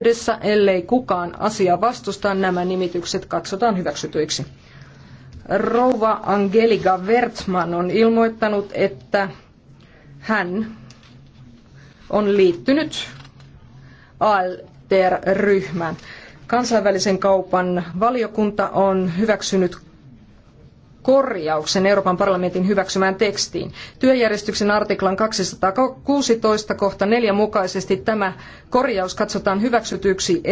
yhteydessä, ellei kukaan asia vastusta, nämä nimitykset katsotaan hyväksytyiksi. Rouva Angelika Wertman on ilmoittanut, että hän on liittynyt ALTER-ryhmään. Kansainvälisen kaupan valiokunta on hyväksynyt korjauksen Euroopan parlamentin hyväksymään tekstiin. Työjärjestyksen artiklan 216 kohta 4 mukaisesti tämä korjaus katsotaan hyväksytyksi